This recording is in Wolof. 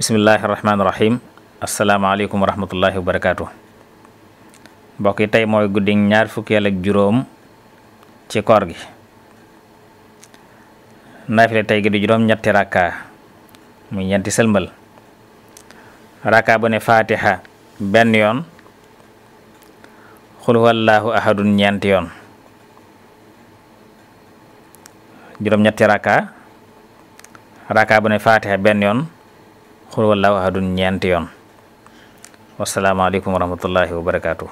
bismillahi rahmaani rahim asalaamaaleykum wa rahmatullahi wa barakaatu mbokk yi tey mooy guddi ñaar fukkeel ak juróom ci koor gi naafile tey gi di juróom ñetti rakka muy ñeenti sëlmal rakka bu ne fatiha yoon xul wallaahu yoon juróom ñetti rakka bu ne fatiha benn yoon xul wallaahu ahadun ñeenti yoon wasalaamaaleykum wa rahmatullahi wa barakaatu.